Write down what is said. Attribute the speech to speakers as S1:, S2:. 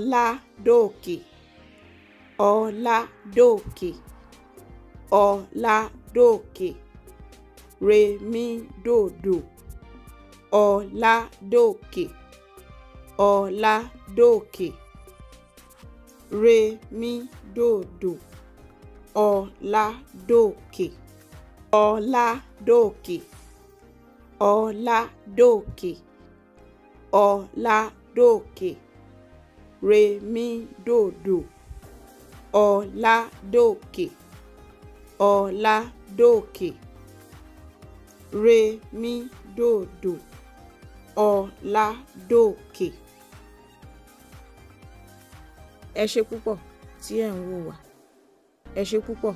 S1: Ọládòkè Ọládòkè Ọládòkè Rèmídòdò Ọládòkè Ọládòkè Rèmídòdò Ọládòkè Ọládòkè Ọládòkè Ọládòkè rèmídòdò ọ̀làdòkè ọ̀làdòkè rèmídòdò ọ̀làdòkè.
S2: ẹ ṣé púpọ̀ tí ẹ̀ ń wò wá ẹ ṣé púpọ̀